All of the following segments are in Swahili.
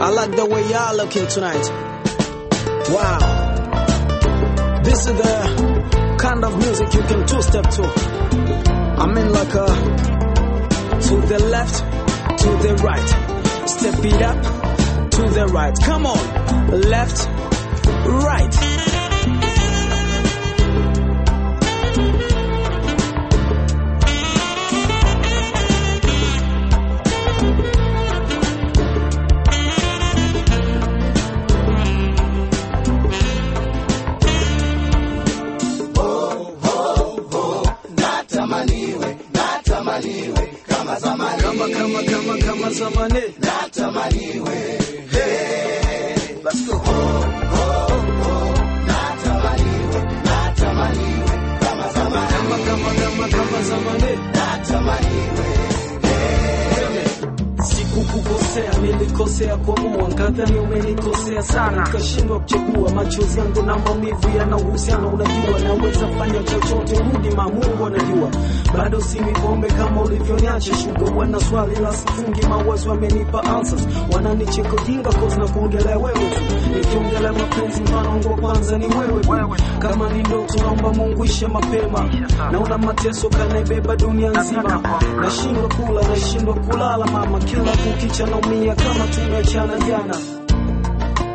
I like the way y'all looking tonight. Wow. This is the kind of music you can two step to. I mean, like a uh, to the left, to the right. Step it up to the right. Come on. Left, right. matamani natamaniwe hey. umenikosea kwa mwanga, dhani umenikosea sana, nikashindwa kuchagua. Machozi yangu na maumivu yana uhusiano, unajua naweza fanya chochote, hudima Mungu anajua. Bado si mikombe kama ulivyoniacha shuga, wana swali la sifungi, mawazo amenipa answers, wananicheka ujinga cause na kuongelea wewe tu, nikiongelea mapenzi mfano wangu wa kwanza ni wewe tu. Kama ni ndoto naomba Mungu ishe mapema, naona mateso kanaibeba dunia nzima, nashindwa kula, nashindwa kulala, mama kila kukicha naumia kama tumeachana jana,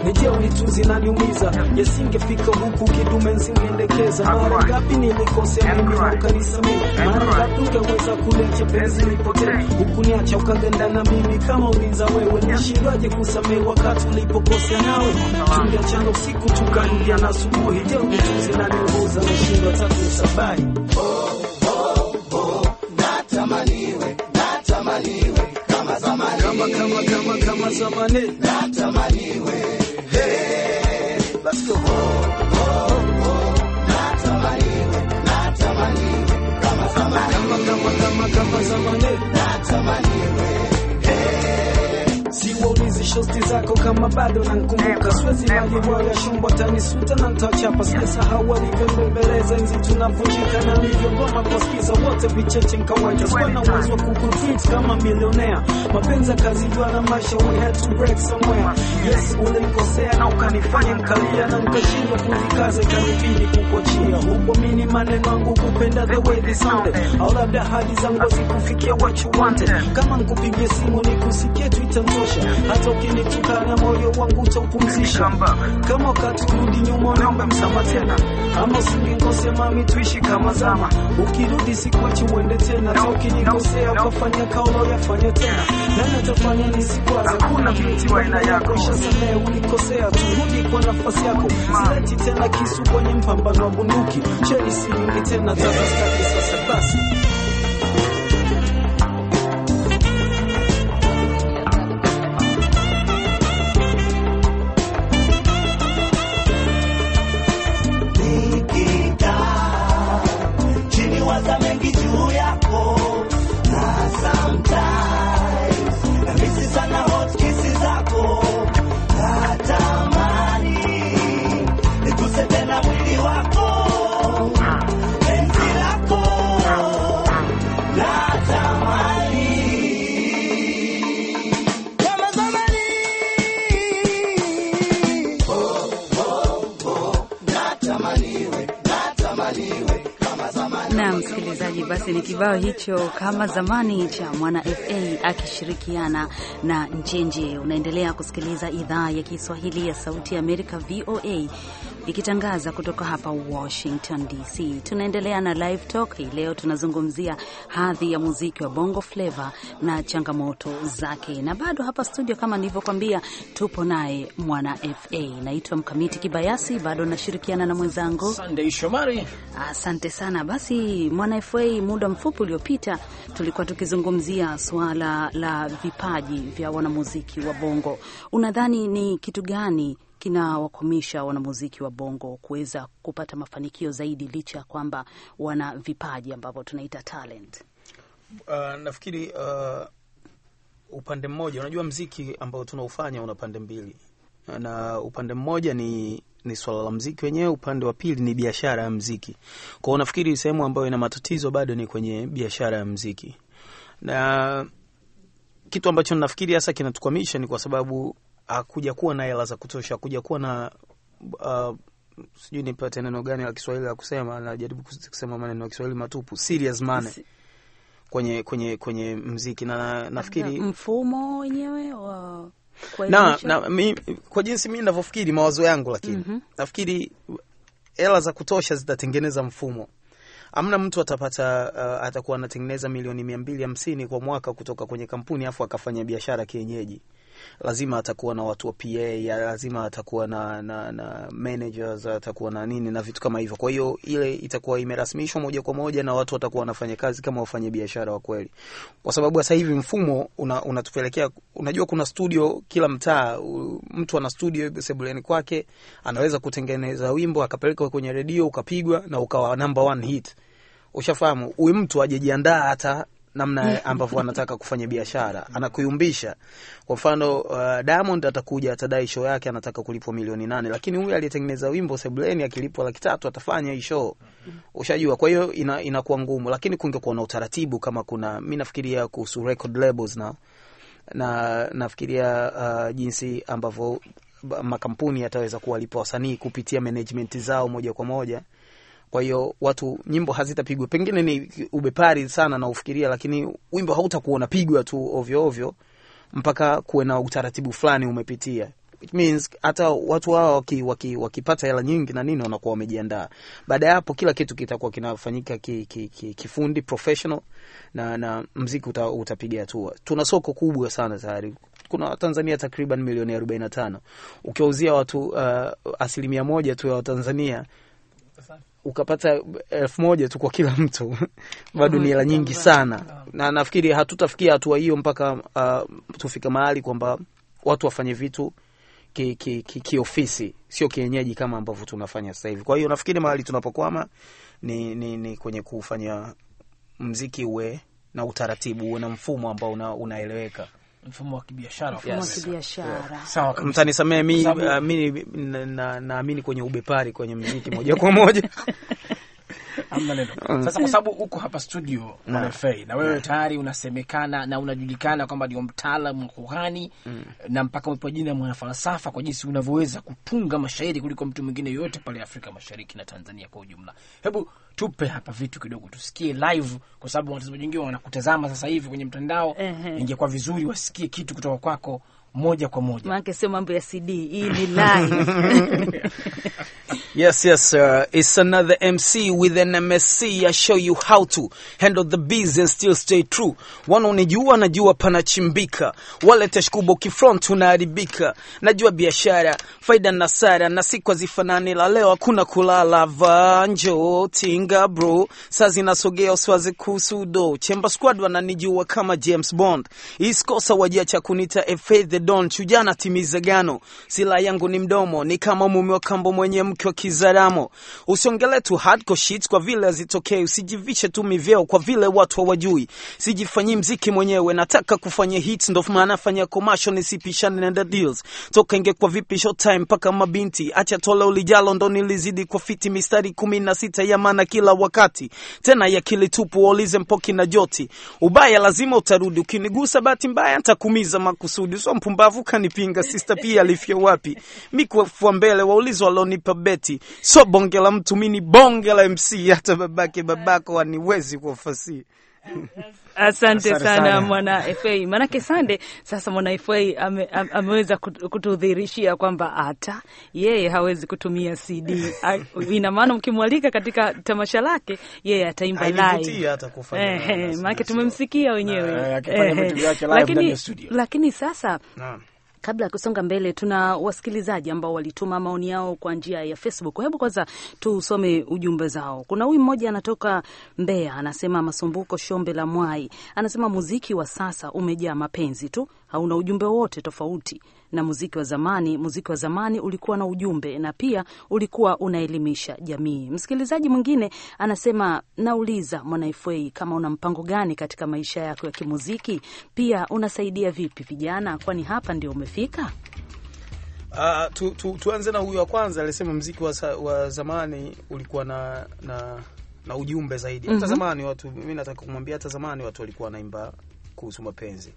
nije unituzi na niumiza, yasingefika huku kidume nisingendekeza. Mara ngapi nilikosea mimi na ukanisamii? Mara ngapi ungeweza kulecha penzi nipotee, hukuniacha ukaganda na mimi kama uliza wewe? Nishindaje kusamehe wakati ulipokosea nawe? Tungeachana usiku tukarudiana asubuhi, je unituzi na niumiza, nashindwa tatu oh. tumasomane natamaniwe let's go oh, oh, oh. natamaniwe natamaniwe kama zamani kama kama kama kama zamani shosti zako kama bado nankumbuka, siwezi wala shumbo tanisuta na nitawachapa. Sijasahau mbeleza nzi tunavunjika na kwa skiza wote vicheche nkawacha. Sikuwa na uwezo wa kukutreat kama milionea, mapenzi yakazidiwa na maisha, we had to break somewhere. Yes, ulinikosea na ukanifanya nkalia na nikashindwa kujikaza, ikanibidi kukuachia. mini maneno yangu kupenda the way they sounded, au labda hadi zangu zikufikia what you wanted. Kama nkupigia simu nikusikie tu itantosha hata lakini tutana moyo wangu utaupumzisha. Kama wakati kurudi nyuma, naomba msama tena, ama usingekosema mami, tuishi kama zama. Ukirudi sikuachi uende tena, na ukinikosea ukafanya kaulo yafanya tena, na natafanya nisikwaza. Hakuna binti wa aina yako, shasamehe ulikosea, turudi kwa nafasi yako. Sileti tena kisu kwenye mpambano wa bunduki, cheni silingi tena, tazastaki sasa basi Basi ni kibao hicho kama zamani cha Mwana FA akishirikiana na Njenje. Unaendelea kusikiliza idhaa ya Kiswahili ya Sauti ya Amerika, VOA ikitangaza kutoka hapa Washington DC. Tunaendelea na live talk hii leo, tunazungumzia hadhi ya muziki wa bongo flava na changamoto zake, na bado hapa studio, kama nilivyokwambia, tupo naye mwana fa. Naitwa Mkamiti Kibayasi, bado nashirikiana na mwenzangu Sunday Shomari. Asante sana. Basi mwana fa, muda mfupi uliopita tulikuwa tukizungumzia suala la vipaji vya wanamuziki wa bongo. Unadhani ni kitu gani kinawakwamisha wanamuziki wa bongo kuweza kupata mafanikio zaidi, licha ya kwamba wana vipaji ambavyo tunaita talent. Uh, nafikiri uh, upande mmoja, unajua mziki ambao tunaufanya una pande mbili, na upande mmoja ni ni swala la mziki wenyewe, upande wa pili ni biashara ya mziki. Kwa hiyo nafikiri sehemu ambayo ina matatizo bado ni kwenye biashara ya mziki, na kitu ambacho nafikiri hasa kinatukwamisha ni kwa sababu hakuja ah, kuwa na hela za kutosha, hakuja kuwa na uh, sijui nipate neno gani la Kiswahili la kusema, najaribu kusema maneno ya Kiswahili matupu, serious money kwenye kwenye kwenye mziki na nafikiri mfumo wenyewe wa na, na mi, kwa jinsi mi navyofikiri mawazo yangu, lakini mm -hmm. nafikiri hela za kutosha zitatengeneza mfumo. Amna mtu atapata uh, atakuwa anatengeneza milioni mia mbili hamsini kwa mwaka kutoka kwenye kampuni afu akafanya biashara kienyeji. mm lazima atakuwa na watu wa PA, lazima atakuwa na, na, na managers, atakuwa na nini na vitu kama hivyo. Kwa hiyo ile itakuwa imerasmishwa moja kwa moja na watu watakuwa wanafanya kazi kama wafanya biashara wa kweli, kwa sababu sasa hivi mfumo unatupelekea una, unajua kuna studio kila mtaa, mtu ana studio sebuleni kwake, anaweza kutengeneza wimbo akapeleka kwenye redio ukapigwa na ukawa number one hit. Ushafahamu, huyu mtu ajejiandaa hata namna mm. ambavyo anataka kufanya biashara, anakuyumbisha. Kwa mfano, uh, Diamond atakuja atadai show yake, anataka kulipwa milioni nane, lakini huyu aliyetengeneza wimbo Sebuleni akilipwa laki tatu atafanya hii show, mm. ushajua. Kwa hiyo ina, inakuwa ngumu, lakini kungekuwa na utaratibu kama kuna, mi nafikiria kuhusu record labels na na nafikiria uh, jinsi ambavyo makampuni yataweza kuwalipa wasanii kupitia management zao moja kwa moja kwa hiyo watu nyimbo hazitapigwa, pengine ni ubepari sana na ufikiria, lakini wimbo hautakuwa unapigwa tu ovyo ovyo mpaka kuwe na utaratibu fulani umepitia. It means hata watu hawa wakipata waki, waki hela nyingi na nini wanakuwa wamejiandaa. Baada ya hapo, kila kitu kitakuwa kinafanyika ki, ki, ki, kifundi professional, na, na mziki uta, utapiga hatua. Tuna soko kubwa sana tayari kuna Watanzania takriban milioni arobaini na tano ukiwauzia watu uh, asilimia moja tu ya Watanzania ukapata eh, elfu moja tu kwa kila mtu bado ni hela nyingi sana, na nafikiri hatutafikia hatua hiyo mpaka uh, tufike mahali kwamba watu wafanye vitu kiofisi ki, ki, ki sio kienyeji kama ambavyo tunafanya sasa hivi. Kwa hiyo nafikiri mahali tunapokwama ni, ni, ni kwenye kufanya mziki uwe na utaratibu, uwe na mfumo ambao unaeleweka una mfumo wa kibiashara sawa. Mtanisamee, mimi uh, naamini kwenye ubepari kwenye mziki moja kwa moja Amna neno. Ah. Sasa kwa sababu uko hapa studio na Fei na wewe tayari unasemekana na unajulikana kwamba ndio mtaalamu kuhani mm. na mpaka umepewa jina falsafa kwa jinsi unavyoweza kutunga mashairi kuliko mtu mwingine yoyote pale Afrika Mashariki na Tanzania kwa ujumla. Hebu tupe hapa vitu kidogo tusikie live kwa sababu watazamaji wengi wanakutazama sasa hivi kwenye mtandao. Ingekuwa vizuri wasikie kitu kutoka kwako moja kwa moja. Maana sio mambo ya CD, hii ni live. Yes, yes, sir. It's another MC with an MSC. I show you how to handle the bees and still stay true. Wanaonijua, najua panachimbika. Wale tashkubo kifront unaharibika. Najua biashara, faida na sara na siku hazifanani la leo hakuna kulala vanjo tinga bro. Saa zinasogea uswaze kuhusu do. Chemba squad wananijua kama James Bond. Iskosa wajiacha kunita Efe the Don. Chujana timiza gano. Sila yangu ni mdomo, ni kama mume wa kambo mwenye mke wa kizalamo. Usiongele tu hardcore shit kwa vile hazitokei, usijivishe tu mivyeo kwa vile watu hawajui. Sijifanyii mziki mwenyewe, nataka kufanya hits, ndo maana fanya commercial, nisipishane na the deals. Toka inge kwa vipi short time mpaka mabinti, acha tola ulijalo, ndo nilizidi kwa fiti mistari 16 ya maana kila wakati, tena ya kilitupu, waulize Mpoki na Joti. Ubaya lazima utarudi, ukinigusa bahati mbaya nitakumiza makusudi. So mpumbavu kanipinga, sister pia alifia wapi? Mikuafua mbele, waulize walonipa beti fasi so bonge la mtu, mini ni bonge la MC, hata babake babako aniwezi fasi Asante sana, sana mwana FA maanake sande. Sasa mwana FA ame, ameweza kutudhihirishia kwamba hata yeye hawezi kutumia CD. Ina maana mkimwalika katika tamasha lake yeye ataimba live, maanake tumemsikia wenyewe, lakini lakini sasa na Kabla ya kusonga mbele, tuna wasikilizaji ambao walituma maoni yao kwa njia ya Facebook. Hebu kwanza tusome ujumbe zao. Kuna huyu mmoja anatoka Mbeya, anasema Masumbuko Shombe la Mwai, anasema muziki wa sasa umejaa mapenzi tu, hauna ujumbe wote tofauti na muziki wa zamani. Muziki wa zamani ulikuwa na ujumbe na pia ulikuwa unaelimisha jamii. Msikilizaji mwingine anasema, nauliza Mwanaifei kama una mpango gani katika maisha yako ya kimuziki, pia unasaidia vipi vijana, kwani hapa ndio umefika. Uh, tu, tu, tuanze na huyu wa kwanza alisema mziki wa, wa zamani ulikuwa na, na, na ujumbe zaidi. Hata mhm. zamani watu, mimi nataka kumwambia hata zamani watu walikuwa wanaimba kuhusu mapenzi,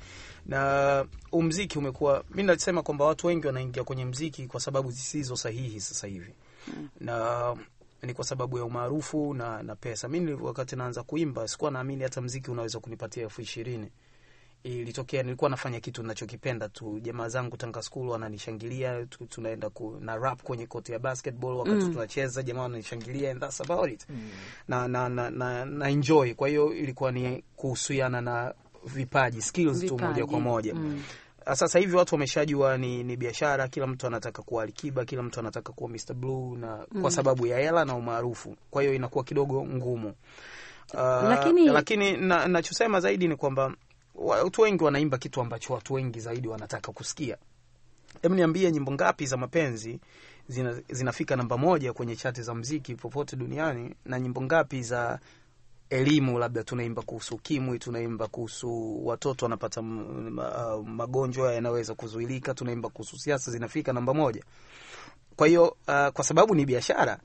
na umziki umekuwa, mi nasema kwamba watu wengi wanaingia kwenye mziki kwa sababu zisizo sahihi sasa hivi na ni kwa sababu ya umaarufu na, na pesa. Mi wakati naanza kuimba sikuwa naamini hata mziki unaweza kunipatia elfu ishirini. Ilitokea nilikuwa nafanya kitu nachokipenda tu, jamaa zangu Tanga School wananishangilia tu, tunaenda ku, na rap kwenye koti ya basketball wakati mm. tunacheza, jamaa wananishangilia and that's about it mm. na, na, na, na, na enjoy. Kwa hiyo ilikuwa ni kuhusiana na vipaji skills tu moja kwa moja mm. Ah, sasa hivi watu wameshajua ni, ni biashara. Kila mtu anataka kuwa Alikiba, kila mtu anataka kuwa Mr Blue na mm. kwa sababu ya hela na umaarufu, kwa hiyo inakuwa kidogo ngumu uh, lakini, lakini nachosema na zaidi ni kwamba watu wengi wanaimba kitu ambacho watu wengi zaidi wanataka kusikia. Hebu niambie nyimbo ngapi za mapenzi zina, zinafika namba moja kwenye chati za mziki popote duniani na nyimbo ngapi za elimu labda tunaimba kuhusu ukimwi, tunaimba kuhusu watoto wanapata uh, magonjwa yanaweza kuzuilika, tunaimba kuhusu siasa zinafika namba moja. Kwa hiyo uh, kwa sababu ni biashara,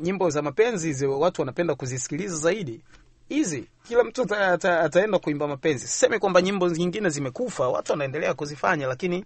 nyimbo za mapenzi zi watu wanapenda kuzisikiliza zaidi hizi. Kila mtu ata, ata, ataenda kuimba mapenzi. Sisemi kwamba nyimbo nyingine zimekufa, watu wanaendelea kuzifanya, lakini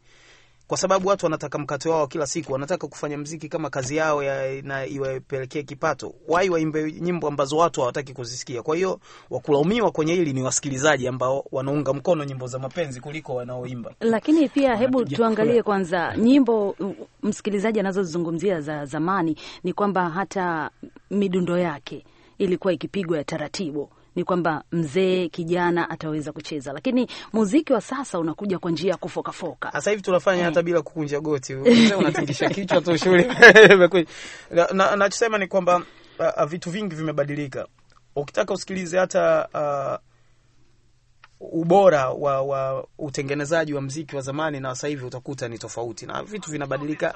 kwa sababu watu wanataka mkate wao kila siku, wanataka kufanya mziki kama kazi yao ya, na iwapelekee kipato. Wai waimbe nyimbo ambazo watu hawataki kuzisikia. Kwa hiyo wakulaumiwa kwenye hili ni wasikilizaji ambao wanaunga mkono nyimbo za mapenzi kuliko wanaoimba. Lakini pia Wana hebu tuangalie kula. Kwanza nyimbo msikilizaji anazozizungumzia za zamani ni kwamba hata midundo yake ilikuwa ikipigwa ya taratibu ni kwamba mzee kijana ataweza kucheza, lakini muziki wa sasa unakuja kwa njia ya kufokafoka. Sasa hivi tunafanya hata eh. bila kukunja goti unatingisha kichwa tu shule na nachosema ni kwamba uh, vitu vingi vimebadilika. Ukitaka usikilize hata uh, ubora wa, wa utengenezaji wa mziki wa zamani na sasa hivi utakuta ni tofauti na vitu vinabadilika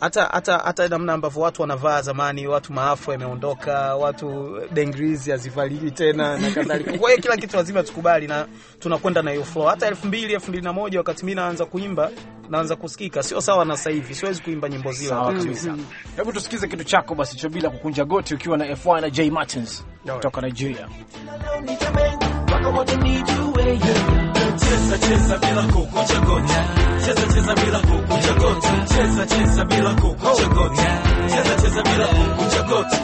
hata hata hata namna ambavyo watu wanavaa zamani, watu maafu yameondoka, watu eh, dengriz hazivaliwi tena na kadhalika. Kwa hiyo kila kitu lazima tukubali na tunakwenda na hiyo flow. Hata 2000 2001 wakati mimi naanza kuimba, naanza kusikika, sio sawa na sasa hivi, siwezi kuimba nyimbo zile kabisa. Hebu tusikize kitu chako basi cho bila kukunja goti, ukiwa na F1 na J Martins kutoka Nigeria. cheza cheza bila kukuchokonya cheza cheza bila kukuchokoti cheza cheza bila kukuchokoti cheza cheza bila kukuchokoti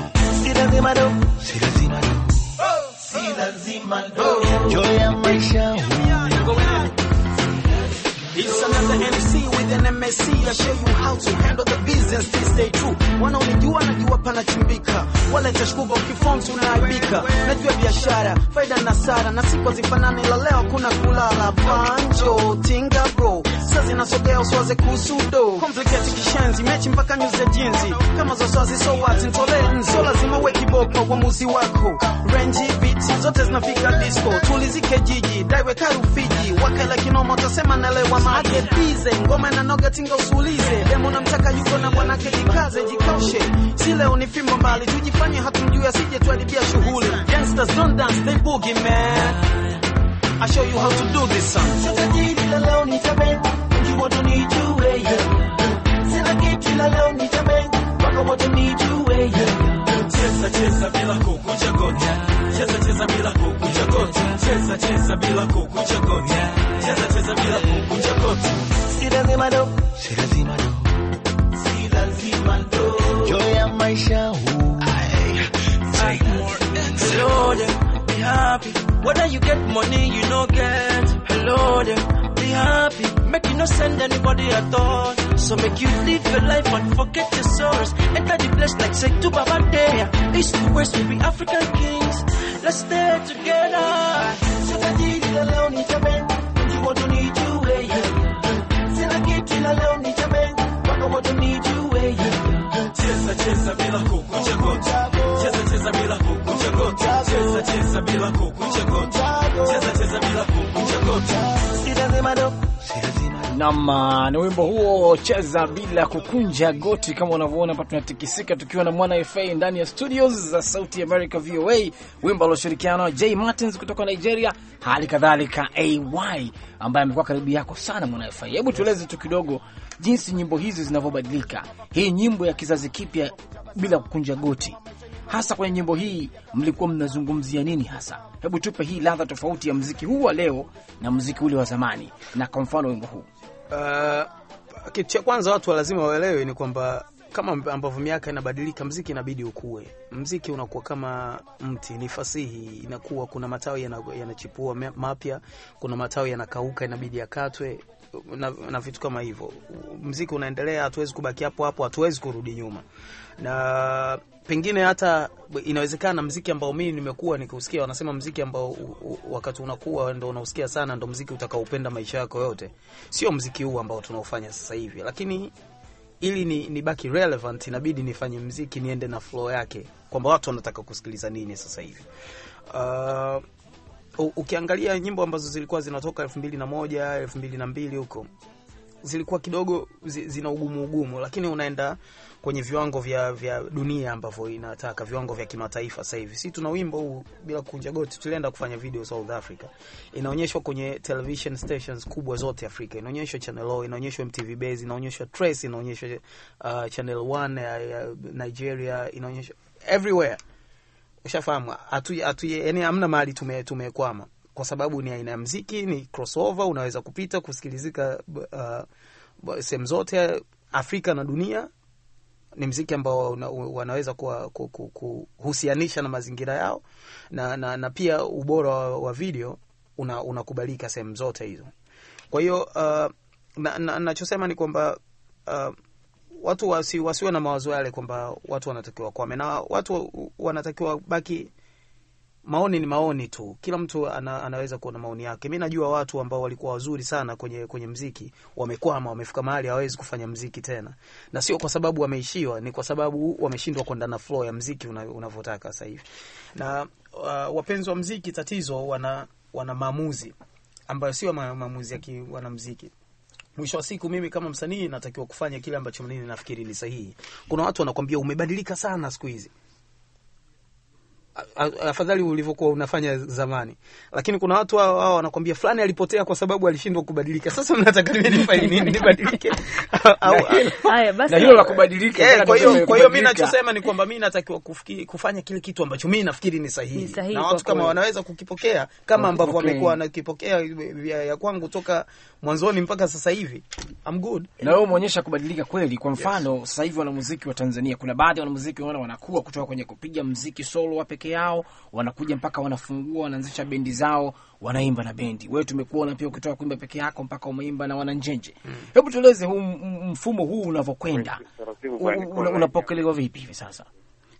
si lazima do si lazima do si lazima do joya maisha It's another MC with an MSC. I show you how to handle the business. Please stay true. Wanaonijua najua panachimbika, wala tashkuba ukiform tunaibika. Najua biashara faida na sara, na siku zifanane, la leo kuna kulala. Banjo tinga bro, sasa zinasogea uswaze kusudo complicated kishenzi mechi mpaka nyuze jinzi kama zoswazi so what ntole nso lazima uwe kiboko uamuzi wako renji beats zote zinafika disco tulizike jiji daiwe karufiji wakala kinoma utasema nalewa kama akepize ngoma na noga tinga usulize demo na mtaka yuko na mwanake jikaze jikaushe si leo ni fimbo mbali tujifanye hatumjui asije tuharibia shughuli gangsters don't dance they boogie man I show you how to do this song sasa jiji la leo ni tabengu mji wote ni jue yeah sina kitu la leo ni tabengu wako wote ni jue yeah Cheza cheza bila kukuja goti, cheza cheza bila kukuja goti, cheza cheza bila kukuja goti. cheza take more and slow be happy. Whether you get money, you no get. Hello be happy. Make you no send anybody at all. So make you live your life and forget your sorrows. Enter the place like say to Baba be African kings. Let's stay together. kila leo ni jameni, wako wote nijue Cheza cheza bila kukuchokota, cheza cheza bila kukuchokota, cheza cheza bila kukuchokota, cheza cheza bila kukuchokota, si lazima do, si lazima Nam ah, ni wimbo huo cheza bila kukunja goti. Kama unavyoona hapa, tunatikisika tukiwa na mwana FA ndani ya studios za Sauti America VOA, wimbo alioshirikiana na J Martins kutoka Nigeria, hali kadhalika AY ambaye amekuwa karibu yako sana mwana FA. Hebu tueleze tu kidogo jinsi nyimbo hizi zinavyobadilika, hii nyimbo ya kizazi kipya bila kukunja goti hasa kwenye nyimbo hii mlikuwa mnazungumzia nini hasa? Hebu tupe hii ladha tofauti ya mziki huu wa leo na mziki ule wa zamani, na kwa mfano wimbo huu Uh, kitu cha kwanza watu lazima waelewe ni kwamba kama ambavyo miaka inabadilika, mziki inabidi ukue. Mziki unakuwa kama mti, ni fasihi inakuwa, kuna matawi yanachipua mapya, kuna matawi yanakauka, inabidi yakatwe na, na vitu kama hivyo. Mziki unaendelea, hatuwezi kubaki hapo hapo, hatuwezi kurudi nyuma, na pengine hata inawezekana mziki ambao mimi nimekuwa nikiusikia, wanasema mziki ambao wakati unakuwa ndo unausikia sana, ndo mziki utakaopenda maisha yako yote, sio mziki huu ambao tunaofanya sasa hivi, lakini ili ni, ni baki relevant inabidi nifanye mziki niende na flow yake, kwamba watu wanataka kusikiliza nini sasa hivi. Uh, U, ukiangalia nyimbo ambazo zilikuwa zinatoka elfu mbili na moja elfu mbili na mbili huko zilikuwa kidogo zi, zina ugumu ugumu, lakini unaenda kwenye viwango vya, vya dunia ambavyo inataka viwango vya kimataifa. Sasa hivi si tuna wimbo huu bila kukunja goti, tulienda kufanya video South Africa, inaonyeshwa kwenye television stations kubwa zote Afrika, inaonyeshwa Channel O, inaonyeshwa MTV Base, inaonyeshwa Trace, inaonyeshwa uh, Channel One ya uh, uh, Nigeria, inaonyeshwa everywhere Ushafahamu? Hatu hatu yani hamna mahali tume tumekwama kwa sababu ni aina ya mziki, ni crossover, unaweza kupita kusikilizika uh, uh sehemu zote Afrika na dunia. Ni mziki ambao una, wanaweza kuhusianisha na mazingira yao na, na, na pia ubora wa, wa video unakubalika una sehemu zote hizo. Kwa hiyo uh, nachosema na, na ni kwamba uh, watu wasi, wasiwe na mawazo yale kwamba watu wanatakiwa kwame, na watu wanatakiwa baki. Maoni ni maoni tu, kila mtu ana, anaweza kuona maoni yake. Mi najua watu ambao walikuwa wazuri sana kwenye, kwenye mziki wamekwama, wamefika mahali hawawezi kufanya mziki tena, na sio kwa sababu wameishiwa, ni kwa sababu wameshindwa kwenda na flow ya mziki unavyotaka una sahivi Na uh, wapenzi wa mziki tatizo wana, wana maamuzi ambayo sio maamuzi ya wanamziki mwisho wa siku mimi kama msanii natakiwa kufanya kile ambacho mimi nafikiri ni sahihi. Kuna watu wanakwambia umebadilika sana siku hizi, afadhali ulivyokuwa unafanya zamani, lakini kuna watu hao hao wanakwambia fulani alipotea kwa sababu alishindwa kubadilika. Sasa mnataka mimi nifanye nini? Nibadilike? au Haya basi, na hilo la kubadilika. Eh, kwa hiyo kwa hiyo mimi nachosema ni kwamba mimi natakiwa kufanya kile kitu ambacho mimi nafikiri ni sahihi, na watu kama wanaweza kukipokea kama ambavyo wamekuwa wanakipokea eh, ya kwangu toka mwanzoni mpaka sasa hivi I'm good. Na wewe umeonyesha kubadilika kweli. Kwa mfano yes. Sasa hivi wanamuziki wa Tanzania kuna baadhi ya wanamuziki wanaona wanakuwa kutoka kwenye kupiga mziki solo wa peke yao, wanakuja mpaka wanafungua, wanaanzisha bendi zao, wanaimba na bendi. Wewe tumekuona pia ukitoka kuimba peke yako mpaka umeimba na wananjenje. Mm. Hebu tueleze huu mfumo huu unavyokwenda. Unapokelewa vipi hivi sasa?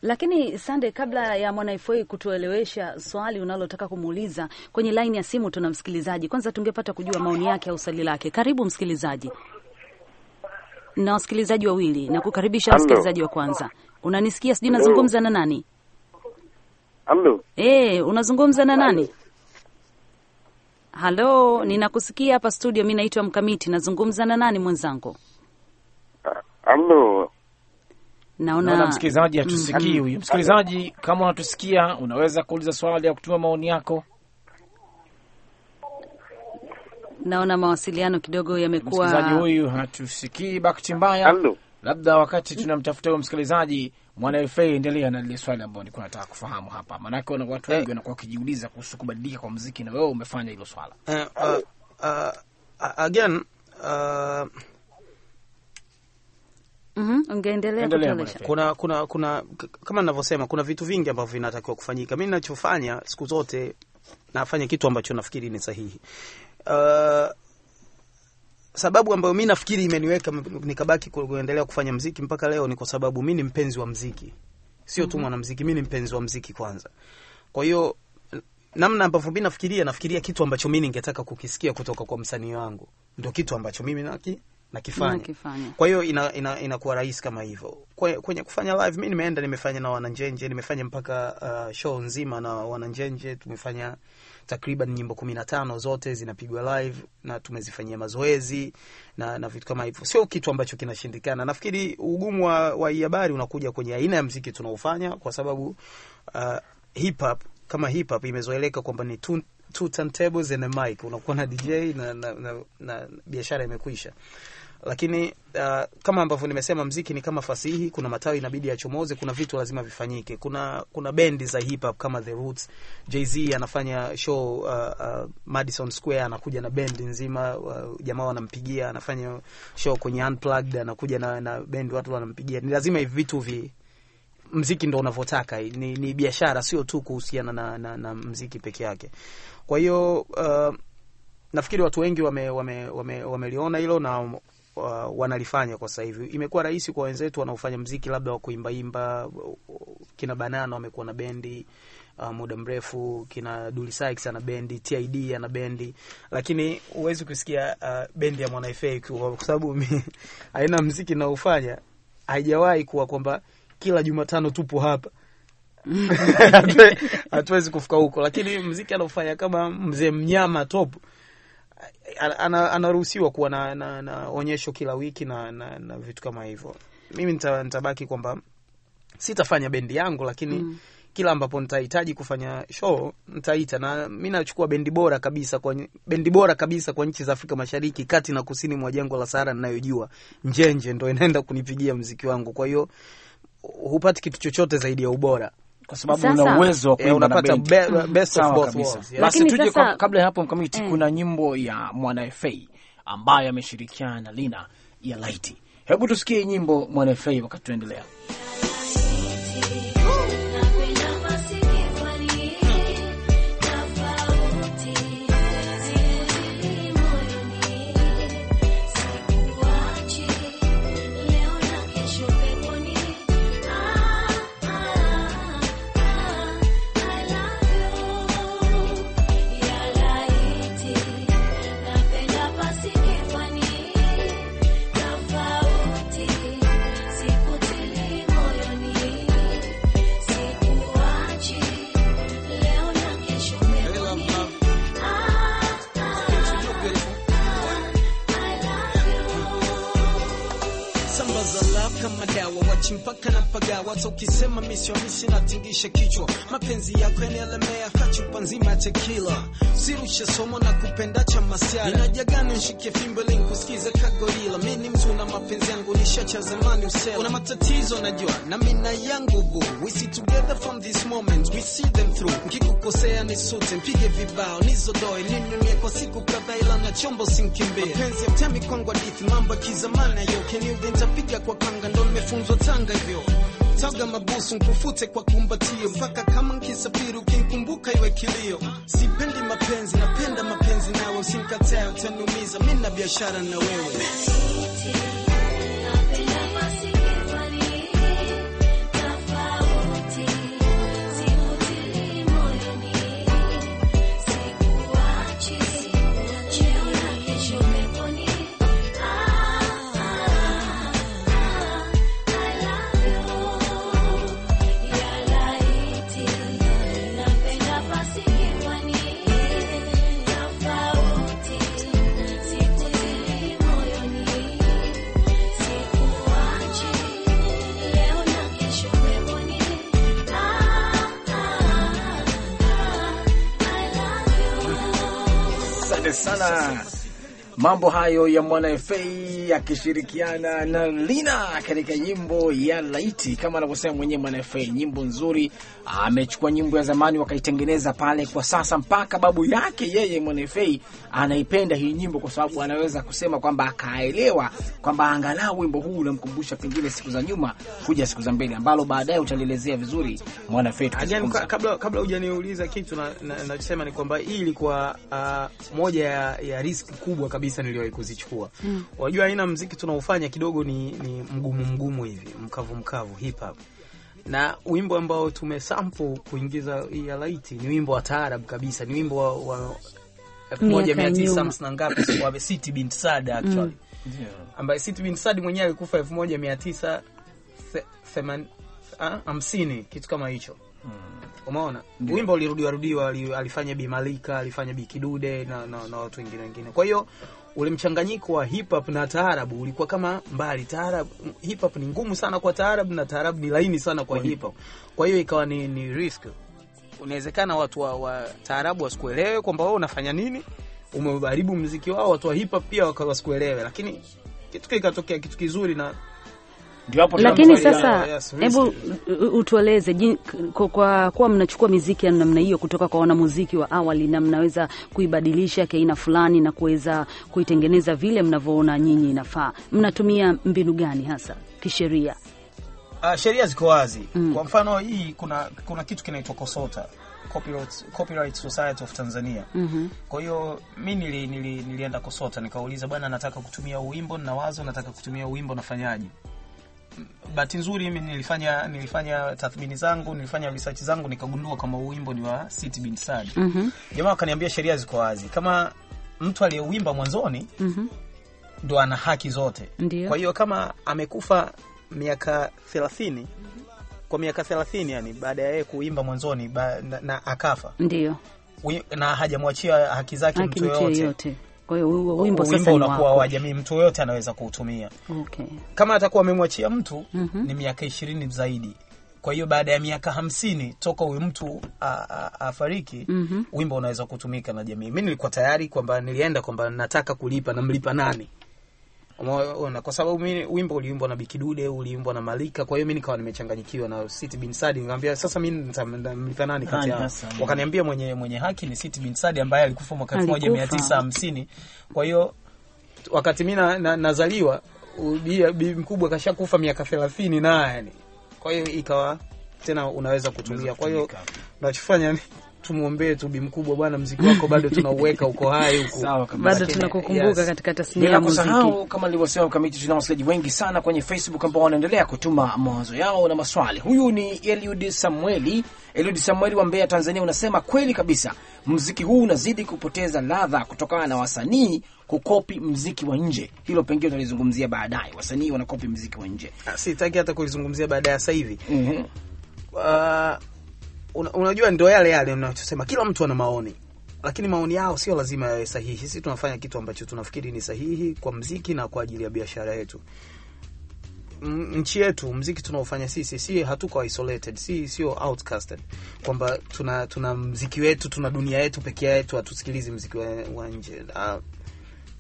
Lakini Sande, kabla ya mwanaifoi kutuelewesha swali unalotaka kumuuliza kwenye laini ya simu, tuna msikilizaji. Kwanza tungepata kujua maoni yake au swali lake. Karibu msikilizaji na wasikilizaji wawili, na kukaribisha msikilizaji wa kwanza. Unanisikia? Sijui nazungumza na nani? Halo. Eh, unazungumza na nani? Halo, ninakusikia hapa studio. Mi naitwa Mkamiti, nazungumza na nani mwenzangu? Halo. Naona msikilizaji hatusikii mm, huyu. Msikilizaji, kama unatusikia, unaweza kuuliza swali au kutuma maoni yako. Naona mawasiliano kidogo yamekuwa, msikilizaji huyu hatusikii, bakti mbaya. Labda wakati tunamtafuta huyo msikilizaji, Mwana FA, endelea na lile swali ambayo nilikuwa nataka kufahamu hapa, maanake wana watu wengi eh. wanakuwa wakijiuliza kuhusu kubadilika kwa muziki, na wewe umefanya hilo swala. Eh, uh, uh, uh, again uh... Mm -hmm. Ungeendelea kutueleza. Kuna, kuna, kuna kama ninavyosema kuna vitu vingi ambavyo vinatakiwa kufanyika. Mimi ninachofanya siku zote nafanya kitu ambacho nafikiri ni sahihi. Uh, sababu ambayo mi nafikiri imeniweka nikabaki kuendelea kufanya mziki mpaka leo ni kwa sababu mi ni mpenzi wa mziki, sio mm -hmm. tu mhm. mwanamziki, mi ni mpenzi wa mziki kwanza. Kwa hiyo namna ambavyo mi nafikiria, nafikiria kitu ambacho mi ningetaka kukisikia kutoka kwa msanii wangu, ndo kitu ambacho mimi naki nakifanya, nakifanya. Kwa hiyo inakuwa ina, ina rahisi kama hivyo kwenye kufanya live. Mi nimeenda nimefanya na wananjenje, nimefanya mpaka uh, show nzima na wananjenje, tumefanya takriban nyimbo kumi na tano zote zinapigwa live na tumezifanyia mazoezi na, na vitu kama hivyo. Sio kitu ambacho kinashindikana. Nafikiri ugumu wa, wa habari unakuja kwenye aina ya mziki tunaofanya, kwa sababu uh, hip hop kama hip hop imezoeleka kwamba ni tun two turntables and a mic, unakuwa na DJ na, na, na, na biashara imekwisha lakini uh, kama ambavyo nimesema, mziki ni kama fasihi, kuna matawi inabidi yachomoze, kuna vitu lazima vifanyike. Kuna kuna bendi za hip hop kama The Roots, Jay-Z anafanya show uh, uh, Madison Square, anakuja na bendi nzima uh, jamaa wanampigia, anafanya show kwenye Unplugged, anakuja na, na bendi, watu wanampigia. Ni lazima hivi vitu vi mziki ndo unavyotaka, ni, ni biashara, sio tu kuhusiana na, na, na mziki peke yake. Kwa hiyo uh, nafikiri watu wengi wameliona wame, wame, wame hilo na uh, wanalifanya kwa sasa hivi. Imekuwa rahisi kwa wenzetu wanaofanya mziki labda wa kuimbaimba, kina Banana wamekuwa na bendi Uh, muda mrefu kina Dully Sykes ana bendi, TID ana bendi, lakini huwezi kusikia uh, bendi ya Mwana FA kwa sababu aina mziki naofanya haijawahi kuwa kwamba kila Jumatano tupo hapa hatuwezi kufika huko, lakini mziki anaofanya kama mzee mnyama top anaruhusiwa kuwa na, na, na onyesho kila wiki na, na, na vitu kama hivyo. Mimi nitabaki kwamba sitafanya bendi yangu lakini mm kila ambapo nitahitaji kufanya show nitaita, na mi nachukua bendi bora kabisa kwa bendi bora kabisa kwa nchi za Afrika Mashariki, kati na kusini mwa jangwa la Sahara ninayojua, Njenje ndo inaenda kunipigia mziki wangu. Kwa hiyo hupati kitu chochote zaidi ya ubora kwa sababu una uwezo wa eh, kuimba unapata best of both worlds. Basi tuje kabla ya hapo mkamiti mm. kuna nyimbo ya Mwana FA ambayo ameshirikiana na Lina ya Laiti. Hebu tusikie nyimbo Mwana FA wakati tuendelea. ukisema misionisi natingisha kichwa, mapenzi yako yanielemea kachupa nzima ya tekila, sirushe somo na kupenda cha masiara, inajagani nshike fimbo ili nikusikize kagorila, mi ni mtu na mapenzi yangu cha zamani, usema una matatizo najua na mina yangu bu, we see together from this moment, we see them through, ni nisute, mpige vibao nizodoe, ninunie kwa siku kadhaa, ila na chombo sinkimbie, mapenzi mtami kwangu hadithi, mambo ya kizamani ayo keniudhi, ntapiga kwa kanga, ndo nimefunzwa Tanga hivyo taga mabusu nkufute kwa kumbatio, mpaka kama nkisafiri ukinkumbuka iwe kilio. Sipendi mapenzi, napenda mapenzi nawe, usinkatae utaniumiza, mina biashara na wewe 算了。Mambo hayo ya Mwana FA akishirikiana na Lina katika nyimbo ya Laiti, kama anavyosema mwenyewe Mwana FA, nyimbo nzuri. Amechukua nyimbo ya zamani wakaitengeneza pale kwa sasa, mpaka babu yake yeye Mwana FA anaipenda hii nyimbo, kwa sababu anaweza kusema kwamba akaelewa kwamba angalau wimbo huu unamkumbusha pengine siku za nyuma kuja siku za mbele, ambalo baadaye utalielezea vizuri Mwana FA. Kabla kabla hujaniuliza kitu, na nasema na, na, ni kwamba hii ilikuwa uh, moja ya, ya risk kubwa kabisa kabisa niliwahi kuzichukua. Mm. Wajua aina mziki tunaofanya kidogo ni, ni mgumu mgumu hivi, mkavu mkavu hip hop. Na wimbo ambao tumesample kuingiza ya laiti ni wimbo wa taarab kabisa, ni wimbo wa, wa moja mia tisa 1950 ngapi wa Siti Bint Saad actually. Mm. Yeah. Ambaye Siti Bint Saad mwenyewe alikufa 1950 ah, kitu kama hicho. Mm. Umeona yeah. Wimbo ulirudiwa alifanya Bi Malika, alifanya Bi Kidude na, na, na watu wengine wengine. Kwa hiyo ule mchanganyiko wa hip hop na taarabu ulikuwa kama mbali. Taarabu, hip hop ni ngumu sana kwa taarabu na taarabu ni laini sana kwa hip hop. Kwa hiyo ikawa ni, ni risk. Unawezekana watu wa, wa taarabu wasikuelewe kwamba wewe unafanya nini, umeharibu mziki wao. Watu wa hip hop pia wasikuelewe, lakini kitu kikatokea kitu kizuri na lakini sasa, hebu utueleze kwa kuwa mnachukua miziki ya namna hiyo kutoka kwa wanamuziki wa awali, na mnaweza kuibadilisha kiaina fulani na kuweza kuitengeneza vile mnavyoona nyinyi inafaa, mnatumia mbinu gani hasa kisheria? Uh, sheria ziko wazi mm. Kwa mfano hii kuna, kuna kitu kinaitwa KOSOTA Copyright, Copyright Society of Tanzania mm -hmm. Kwa hiyo mi nili, nili, nilienda KOSOTA nikauliza, bwana, nataka kutumia uwimbo na wazo, nataka kutumia uwimbo nafanyaje? bahati nzuri mimi nilifanya nilifanya tathmini zangu, nilifanya research zangu nikagundua kama uwimbo ni wa Siti bin Saad. mm -hmm. Jamaa akaniambia sheria ziko wazi, kama mtu aliyeuimba mwanzoni mm -hmm. ndo ana haki zote. Ndiyo. Kwa hiyo kama amekufa miaka 30 kwa miaka 30 yani baada ya yeye kuimba mwanzoni ba, na, na akafa. Ndiyo. na hajamwachia haki zake mtu yoyote kwa hiyo wimbo sasa unakuwa wa jamii, mtu yoyote anaweza kuutumia. Okay. Kama atakuwa amemwachia mtu mm -hmm. ni miaka ishirini zaidi kwa hiyo baada ya miaka hamsini toka huyu mtu afariki, mm -hmm. wimbo unaweza kutumika na jamii. Mi nilikuwa tayari kwamba nilienda kwamba nataka kulipa, namlipa nani? Umeona, kwa sababu mimi wimbo uliimbwa na Bikidude, uliimbwa na Malika, kwa hiyo mimi nikawa nimechanganyikiwa na Siti Bin Sadi. Nikamwambia sasa mimi nitamlipa nani kati yao? Wakaniambia mwenye mwenye haki ni Siti Bin Sadi ambaye alikufa mwaka 1950. Kwa hiyo wakati mimi na, na, nazaliwa bibi mkubwa kashakufa miaka 30 naye. Kwa hiyo ikawa tena unaweza kutumia. Kwa hiyo nachofanya unachofanya tumwombee tu bi mkubwa, bwana, mziki wako bado tunauweka, uko hai huko, bado tunakukumbuka yes, katika tasnia ya muziki. Sahau kama nilivyosema, kamiti, tuna wasikilizaji wengi sana kwenye Facebook ambao wanaendelea kutuma mawazo yao na maswali. Huyu ni Eliud Samueli, Eliud Samueli wa Mbeya, Tanzania, unasema kweli kabisa, mziki huu unazidi kupoteza ladha kutokana na wasanii kukopi mziki wa nje. Hilo pengine tutalizungumzia baadaye, wasanii wanakopi mziki wa nje, ah, sitaki hata kulizungumzia baadaye, sasa hivi mm -hmm. uh, unajua ndo yale yale unachosema, kila mtu ana maoni, lakini maoni yao sio lazima yawe sahihi. Sisi tunafanya kitu ambacho tunafikiri ni sahihi kwa mziki na kwa ajili ya biashara yetu nchi yetu mziki tunaofanya sisi si hatuko isolated, si sio outcasted kwamba tuna tuna mziki wetu tuna dunia yetu pekee yetu, hatusikilizi mziki wa, nje.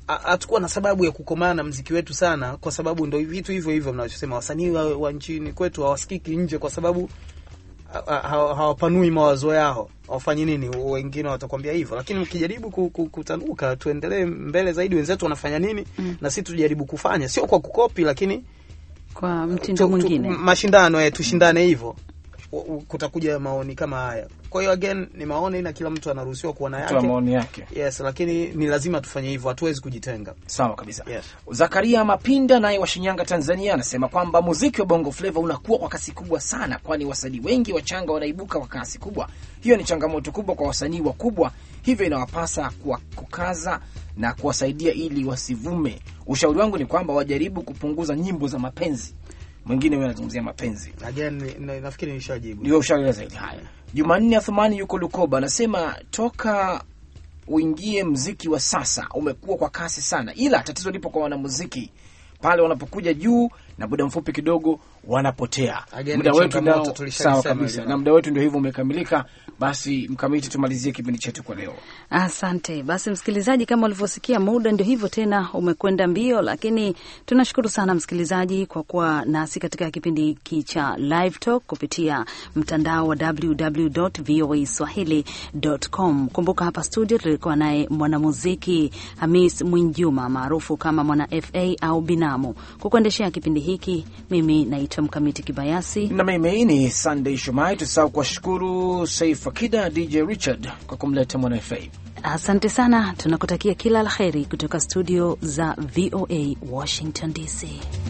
Hatukuwa na sababu ya kukomana mziki wetu sana, kwa sababu ndio vitu hivyo hivyo mnachosema wasanii wa, wa nchini kwetu hawasikiki nje, kwa sababu hawapanui mawazo yao, wafanye nini, wengine watakwambia hivyo, lakini mkijaribu kutanuka, tuendelee mbele zaidi, wenzetu wanafanya nini mm. na sisi tujaribu kufanya, sio kwa kukopi, lakini kwa mtindo mwingine, mashindano eh, tushindane hivyo, kutakuja maoni kama haya. Kwa hiyo again ni maoni na kila mtu anaruhusiwa kuwa na yake, maoni yake. Yes, lakini ni lazima tufanye hivyo, hatuwezi kujitenga. Sawa kabisa. Yes. Zakaria Mapinda naye wa Shinyanga, Tanzania anasema kwamba muziki wa Bongo Flava unakuwa kwa kasi kubwa sana, kwani wasanii wengi wachanga wanaibuka kwa kasi kubwa. Hiyo ni changamoto kubwa kwa wasanii wakubwa, hivyo inawapasa kwa kukaza na kuwasaidia ili wasivume. Ushauri wangu ni kwamba wajaribu kupunguza nyimbo za mapenzi mwingine huyo anazungumzia mapenzi. Nafikiri nishajibu ndio ushaeleza zaidi. Haya, Jumanne Athumani yuko Lukoba anasema toka uingie mziki wa sasa umekuwa kwa kasi sana, ila tatizo lipo kwa wanamuziki pale wanapokuja juu na muda mfupi kidogo wanapotea. Muda wetu ndio sawa kabisa, na muda wetu ndio hivyo umekamilika. Basi Mkamiti, tumalizie kipindi chetu kwa leo. Asante basi msikilizaji, kama ulivyosikia, muda ndio hivyo tena, umekwenda mbio, lakini tunashukuru sana msikilizaji kwa kuwa nasi katika kipindi hiki cha Live Talk kupitia mtandao wa www.voaswahili.com. Kumbuka hapa studio tulikuwa naye mwanamuziki Hamis Mwinjuma maarufu kama Mwana fa au Binamu. Kukuendeshea kipindi hiki mimi naitwa Mkamiti Kibayasi na mimi ni Sandey Shumai. Tusahau kuwashukuru Saif Fakida DJ Richard kwa kumleta mwana FA. Asante sana, tunakutakia kila la heri kutoka studio za VOA Washington DC.